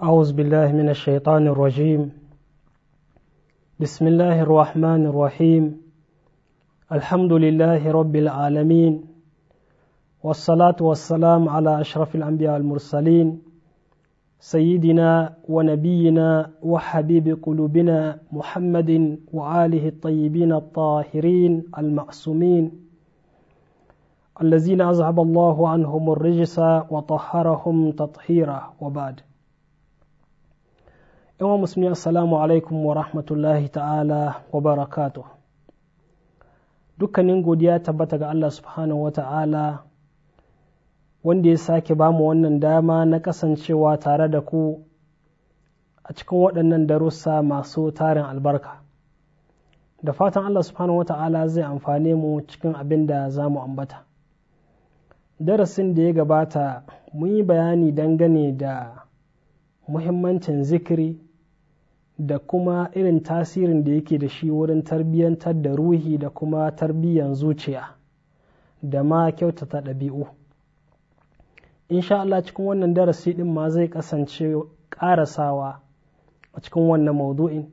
أعوذ بالله من الشيطان الرجيم بسم الله الرحمن الرحيم الحمد لله رب العالمين والصلاة والسلام على أشرف الأنبياء المرسلين سيدنا ونبينا وحبيب قلوبنا محمد وآله الطيبين الطاهرين المعصومين الذين أذهب الله عنهم الرجس وطهرهم تطهيرا وبعد yawan musulmi assalamu alaikum wa rahmatullahi ta'ala wa barakatu dukkanin godiya tabbata ga Allah subhanahu wa ta'ala wanda ya sake bamu wannan dama na kasancewa tare da ku a cikin waɗannan darussa masu tarin albarka da fatan Allah subhanahu wa ta'ala zai amfane mu cikin abin da za mu ambata darasin da ya gabata mun yi bayani dangane da muhimmancin zikiri da kuma irin tasirin da yake da shi wurin tarbiyyantar da ruhi da kuma tarbiyyan zuciya da ma kyautata ɗabi'u insha Allah cikin wannan darasi ɗin ma zai kasance ƙarasawa a cikin wannan maudu'in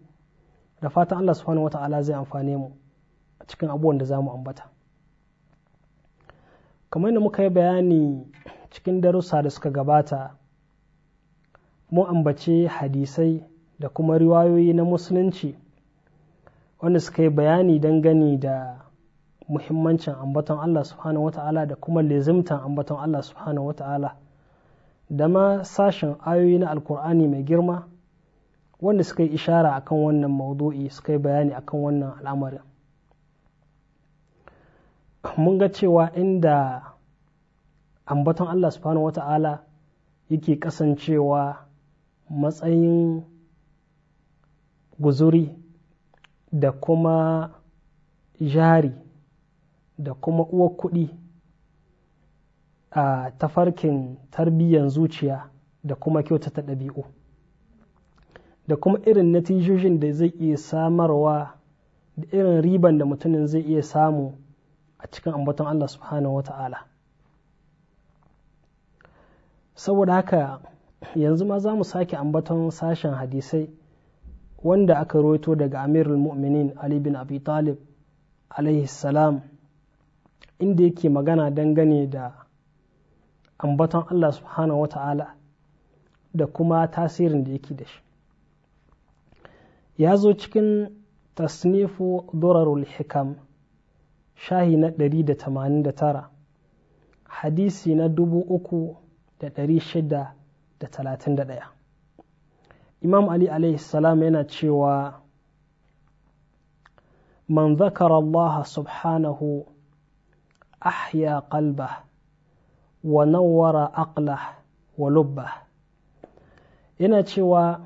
da fatan Allah subhanahu wa ta'ala zai amfane mu a cikin abubuwan da za mu ambata kamar yadda muka yi bayani cikin darussa da suka gabata mu ambace hadisai da kuma riwayoyi na musulunci wanda suka yi bayani gani da muhimmancin ambaton Allah subhanahu wata'ala da kuma lezimtan ambaton Allah subhanahu wata'ala da ma sashen ayoyi na alkur'ani mai girma wanda suka yi ishara akan wannan maudu'i suka yi bayani akan wannan al'amarin mun ga cewa inda ambaton Allah subhanahu wata'ala yake kasancewa matsayin guzuri da kuma jari da kuma uwar kuɗi a tafarkin tarbiyyar zuciya da kuma kyautata ɗabi'u da kuma irin natijojin da zai iya samarwa da irin riban da mutumin zai iya samu a cikin ambaton Allah subhanahu wa ta'ala saboda haka yanzu ma za mu sake ambaton sashen hadisai wanda aka roto daga amirul mu'minin ali bin abi talib alaihi salam inda yake magana dangane da ambaton allah subhanahu wata'ala da kuma tasirin da yake da shi ya zo cikin tasnifu durarul hikam shahi na 189 hadisi na 3631 imam ali salam yana cewa man zakara Allah subhanahu ahya qalbah wa nawwara aqlah wa lubbah yana cewa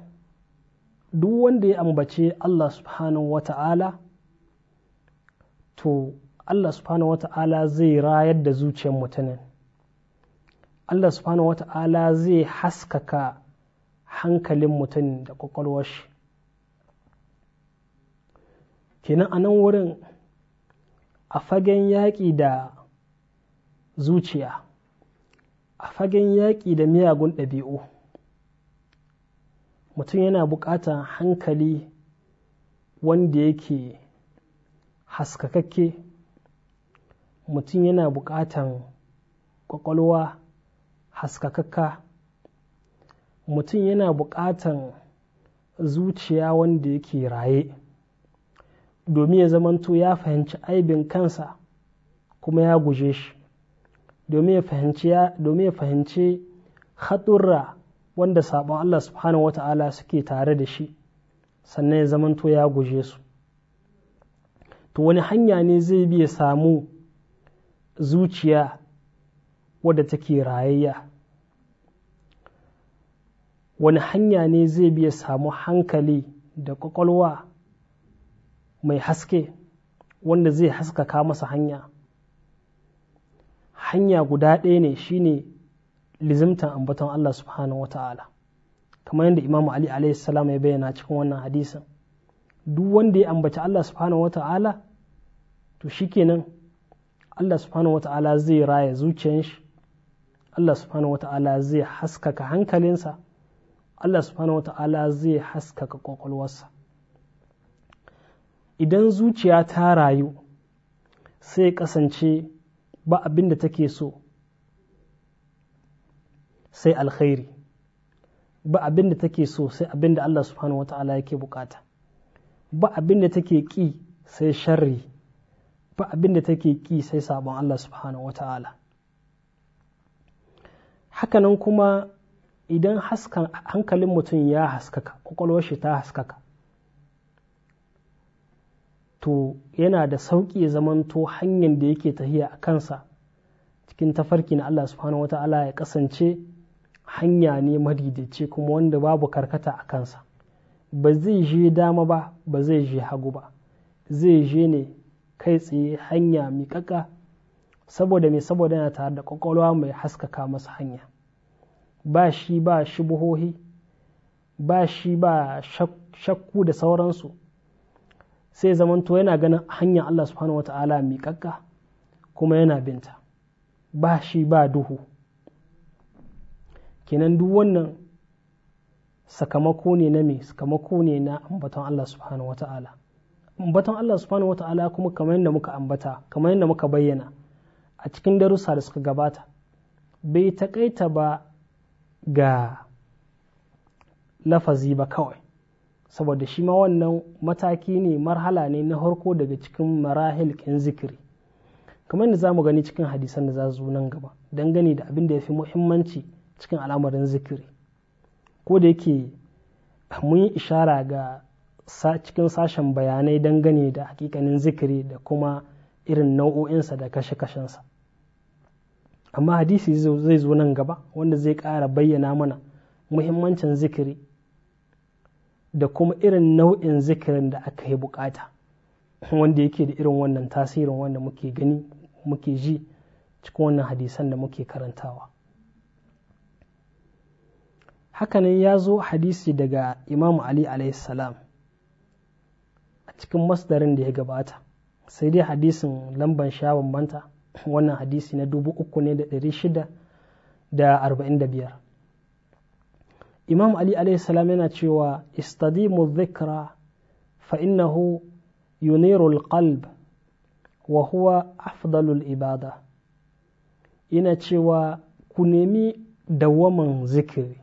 duk wanda ya ambace Allah subhanahu ta'ala. to Allah subhanahu ta'ala zai rayar da zuciyar mutumin Allah subhanahu ta'ala zai haskaka hankalin mutum da kwakwalwar shi kenan a nan wurin a fagen yaƙi da zuciya a fagen yaƙi da miyagun ɗabi'u mutum yana buƙatar hankali wanda yake haskakakke mutum yana buƙatar kwakwalwa haskakakka mutum yana buƙatan zuciya wanda yake raye domin ya zamanto ya fahimci aibin kansa kuma ya guje shi domin ya fahimci haɗurra wanda saɓon Allah subhanahu wata'ala suke tare da shi sannan ya zamanto ya guje su to wani hanya ne zai bi ya samu zuciya wadda take rayayya wani hanya ne zai biya samu hankali da kwakwalwa mai haske wanda zai haskaka masa hanya hanya guda ɗaya ne shine lizimtan ambaton Allah subhanahu wa ta'ala kamar yadda imamu Ali alaihi salam ya bayyana cikin wannan hadisin duk wanda ya ambaci Allah subhanahu wa ta'ala to shikenan Allah subhanahu wa ta'ala zai raya zuciyar shi Allah subhanahu wa ta'ala zai haskaka hankalinsa Allah subhanahu wa ta'ala zai haskaka kwakwalwarsa idan zuciya ta rayu sai kasance ba abin da take so sai alkhairi ba abin da take so sai abin da Allah subhanahu wa ta'ala yake bukata ba abin da take ƙi sai sharri ba abin da take ƙi sai sabon Allah subhanahu wa ta'ala hakanan kuma idan haskan hankalin mutum ya haskaka kwakwalwar shi ta haskaka to yana da sauƙi zamanto hanyar da yake tahiya a kansa cikin tafarki na Allah subhanahu wata'ala ya kasance hanya ne madidace kuma wanda babu karkata a kansa ba zai je dama ba ba zai je hagu ba zai je ne kai tsaye hanya miƙaƙa saboda mai saboda yana tare da kwakwalwa mai haskaka masa hanya ba shi ba shubuhohi ba shi ba shakku da sauransu sai zamanto yana ganin hanyar Allah subhanahu wa ta'ala miƙaƙƙa kuma yana binta ba shi ba duhu kenan duk wannan sakamako ne na me sakamako ne na ambaton Allah subhanahu wa ta'ala ambaton Allah subhanahu wa ta'ala kuma kamar yadda muka ambata kamar yadda muka bayyana a cikin darussa da suka gabata bai taƙaita ba ga lafazi ba kawai saboda shi ma wannan mataki ne marhala ne na harko daga cikin marahil kin zikiri kamar da za mu gani cikin hadisan da za su nan gaba dangane da abin da ya fi muhimmanci cikin al'amarin zikiri ko da yake mun yi ishara ga cikin sashen bayanai dangane da hakikanin zikiri da kuma irin nau'o'insa da kashe-kashensa amma hadisi zai zo nan gaba wanda zai ƙara bayyana mana muhimmancin zikiri da kuma irin nau'in zikirin da aka yi bukata wanda yake da irin wannan tasirin wanda muke gani muke ji cikin wannan hadisan da muke karantawa hakanan ya zo hadisi daga imam ali salam a cikin masdarin da ya gabata sai dai hadisin lamban sha bambanta wannan hadisi na dubu uku ne da ɗari shida da arba'in da biyar imam ali salam yana cewa istadimu zikra fa innahu yuniru alqalb wa huwa afdalul ibada yana cewa ku nemi dawaman zikiri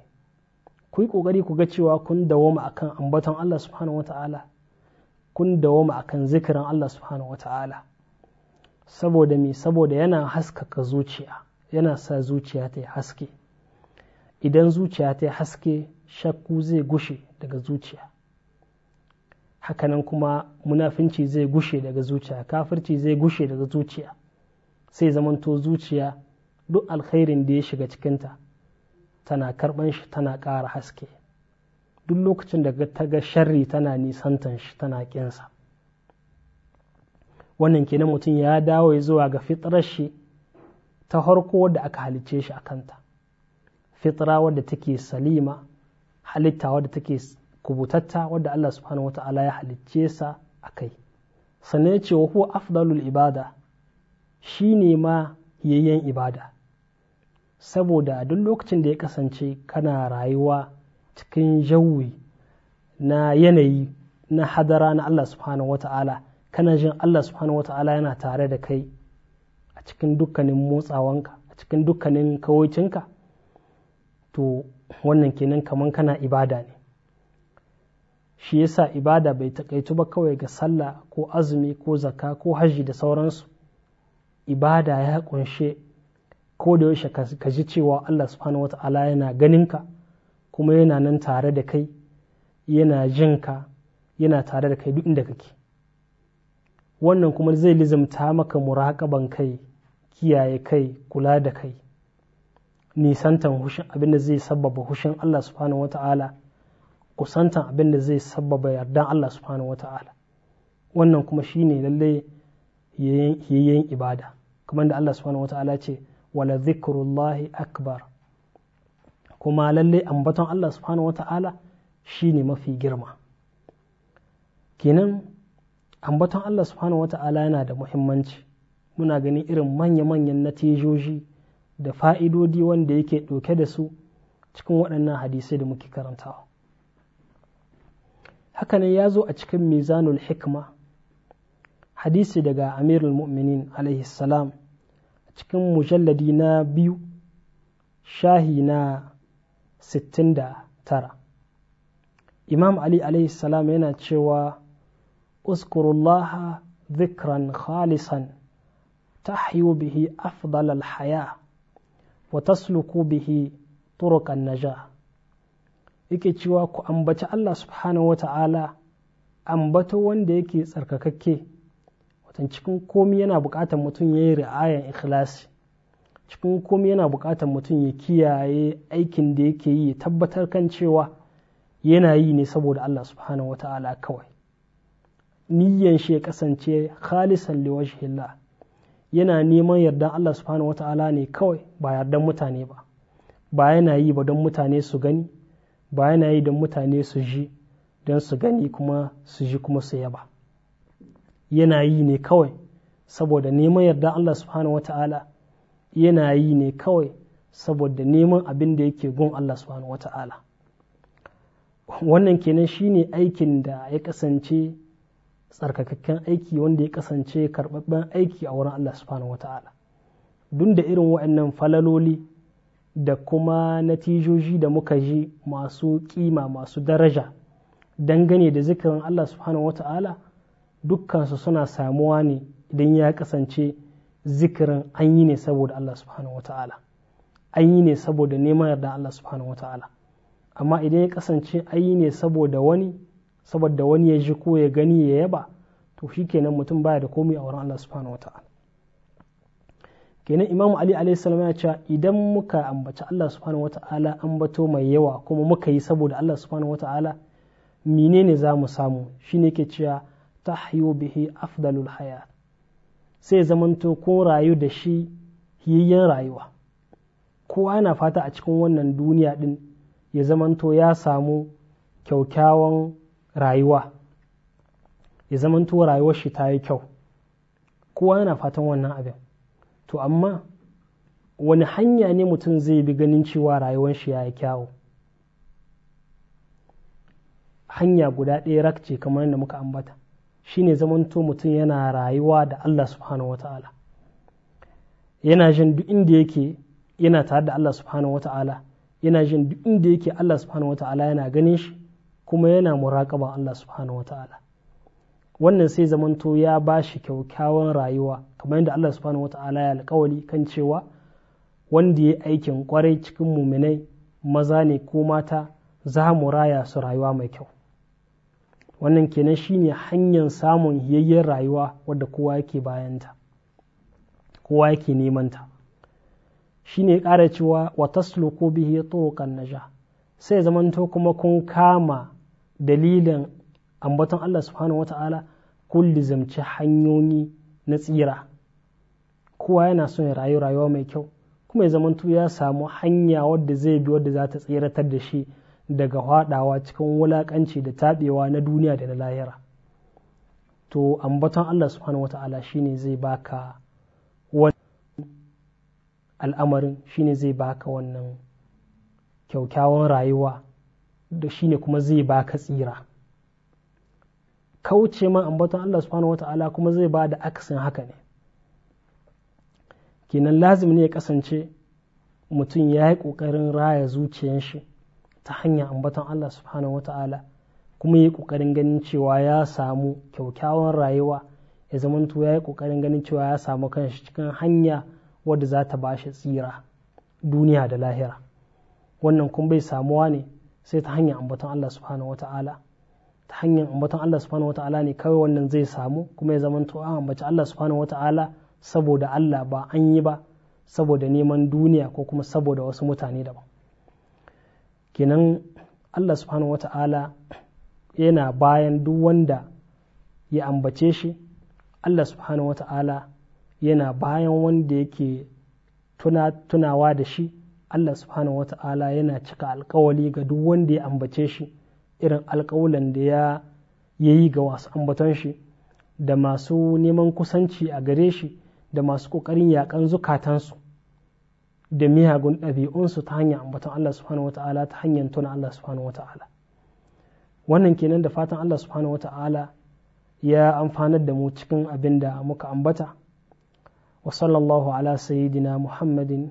ku yi ƙoƙari ku ga cewa kun dawama akan ambaton Allah subhanahu wa ta'ala kun dawama akan zikirin Allah subhanahu wa ta'ala saboda me saboda yana haskaka zuciya yana sa zuciya ta haske idan zuciya ta yi haske shakku zai gushe daga zuciya hakanan kuma munafinci zai gushe daga zuciya kafirci zai gushe daga zuciya sai zamanto zuciya duk alkhairin da ya shiga cikinta tana karban shi tana ƙara haske duk lokacin da ta ga sharri tana nisantan shi tana ƙinsa wannan kenan mutum ya dawo zuwa ga fitrar shi ta harko wadda aka halicce shi a kanta fitra wadda take salima halitta wadda take kubutatta wadda Allah subhanahu wa ta'ala ya halicce sa a kai sannan ce wa huwa afdalul ibada shi ne ma yayyen ibada saboda duk lokacin da ya kasance kana rayuwa cikin jawi na yanayi na hadara na Allah subhanahu wa ta'ala kana jin Allah subhanahu wata'ala yana tare da kai a cikin dukkanin motsawanka a cikin dukkanin kawaicinka to wannan kenan kaman kana ibada ne shi yasa ibada bai takaitu ba kawai ga sallah ko azumi ko zakka ko hajji da sauransu ibada ya kunshe ko da yaushe ka ji cewa Allah subhanahu wata'ala yana ka kuma yana nan tare da kai yana jinka yana tare da kai duk inda kake wannan kuma zai lizimta maka muraƙaban kai kiyaye kai kula da kai nisantan hushin abin da zai sabbaba hushin Allah subhanahu wata'ala kusantan abin da zai sabbaba yardan Allah subhanahu wata'ala wannan kuma shine lalle yayin ibada kamar da Allah subhanahu wata'ala ce wala zikrullahi akbar kuma lalle ambaton Allah subhanahu wata'ala shine mafi girma kenan ambaton Allah subhanahu wata'ala yana da muhimmanci muna ganin irin manya-manyan natijoji da fa'idodi wanda yake ɗauke da su cikin waɗannan hadisai da muke karantawa hakanan ya zo a cikin mizanul hikma hadisi daga amirul mu'minin alaihi salam a cikin mujalladi na biyu shahi na 69 imam ali alaihi salam yana cewa uskurullaha ذكرا خالصا تحيو به أفضل الحياة وتسلك به طرق النجاة yake cewa ku ambaci Allah subhanahu wa ta'ala ambato wanda yake tsarkakakke watan cikin komi yana buƙatar mutum ya yi ri'ayan ikhlasi cikin komi yana buƙatar mutum ya kiyaye aikin da yake yi tabbatar kan cewa yana yi ne saboda Allah subhanahu wa ta'ala kawai niyyan shi ya kasance khalisan liwajhillah yana neman yarda Allah subhanahu wata'ala ne kawai ba yardan mutane ba ba yana yi ba don mutane su gani ba yana yi don mutane su ji don su gani kuma su ji kuma su yaba yana yi ne kawai saboda neman yarda Allah subhanahu wata'ala yana yi ne kawai saboda neman abin da yake gun Allah subhanahu wata'ala wannan kenan shine aikin da ya kasance tsarkakakken aiki wanda ya kasance karɓaɓɓen aiki a wurin Allah subhanahu wata'ala duk da irin waɗannan falaloli da kuma natijoji da muka ji masu kima masu daraja dangane da zikirin Allah subhanahu wata'ala dukkansu suna samuwa ne idan ya kasance zikirin an yi ne saboda Allah subhanahu wata'ala an yi ne saboda neman yarda Allah subhanahu wata'ala amma idan ya kasance an yi ne saboda wani saboda wani ya ji ko ya gani ya yaba to shi kenan mutum baya da komai a wurin Allah subhanahu ta'ala kenan imamu ali alayhi salam ya ce idan muka ambaci Allah subhanahu ta'ala ambato mai yawa kuma muka yi saboda Allah subhanahu ta'ala menene za mu samu Shi ne ke cewa tahyu bihi afdalul haya sai zamanto ko rayu da shi hiyayyen rayuwa kowa yana fata a cikin wannan duniya din ya zamanto ya samu kyaukyawan rayuwa ya zamanto rayuwar shi ta yi kyau kowa yana fatan wannan abin to amma wani hanya ne mutum zai bi ganin cewa rayuwar shi ya yi kyawu hanya guda ɗaya rakce kamar yadda muka ambata shi shine zamanto mutum yana rayuwa da Allah subhanahu wata'ala yana jin duk inda yake yana tare da Allah subhanahu wata'ala yana jin duk inda yake Allah subhanahu wata'ala yana ganin shi kuma yana muraƙaba Allah subhanahu wa ta'ala wannan sai zamanto ya ba shi kyaukyawan rayuwa kamar yadda Allah subhanahu wa ta'ala ya alƙawali kan cewa wanda ya aikin kwarai cikin muminai maza ne ko mata za mu raya su rayuwa mai kyau wannan kenan shine hanyar samun yayyen rayuwa wadda kowa yake bayanta kowa yake nemanta shine ƙara cewa wa tasluku bihi turuqan najah sai zamanto kuma kun kama dalilin ambaton Allah subhanahu wata'ala kulli lizamci hanyoyi na tsira kowa yana son ya rayu rayuwa mai kyau kuma ya zamantu ya samu hanya wadda zai bi wadda za ta tsiratar da shi daga haɗawa cikin wulaƙanci da taɓewa na duniya da na lahira to ambaton Allah subhanahu wata'ala shine zai baka al'amarin shine zai baka wannan kyaukyawan rayuwa da shi ne kuma zai baka tsira kauce ma ambaton Allah subhanahu wata'ala kuma zai ba da akasin haka ne kenan lazim ne ya kasance mutum ya yi ƙoƙarin raya zuciyan shi ta hanyar ambaton Allah subhanahu wata'ala kuma ya yi ƙoƙarin ganin cewa ya samu kyaukyawan rayuwa ya zamanto ya yi ƙoƙarin ganin cewa ya samu kanshi cikin hanya wadda za ta ba shi tsira duniya da lahira wannan kuma bai samuwa ne sai ta hanyar ambaton Allah subhanahu wata'ala ta hanyar ambaton Allah subhanahu wata'ala ne kawai wannan zai samu kuma ya zamanto an ambaci Allah subhanahu wata'ala saboda Allah ba an yi ba saboda neman duniya ko kuma saboda wasu mutane daban kenan Allah subhanahu wata'ala yana bayan duk wanda ya ambace shi Allah subhanahu wata'ala yana bayan wanda yake tunawa da shi Allah subhanahu ta'ala yana cika alkawali ga duk wanda ya ambace shi irin alkawulan da ya yi ga wasu ambaton shi da masu neman kusanci a gare shi da masu ƙoƙarin yaƙan zukatansu da miyagun ɗabi'unsu ta hanyar ambaton Allah subhanahu ta'ala ta hanyar tuna Allah subhanahu ta'ala wannan kenan da fatan Allah subhanahu ta'ala ya amfanar da mu cikin abinda muka ambata wa sallallahu ala sayyidina muhammadin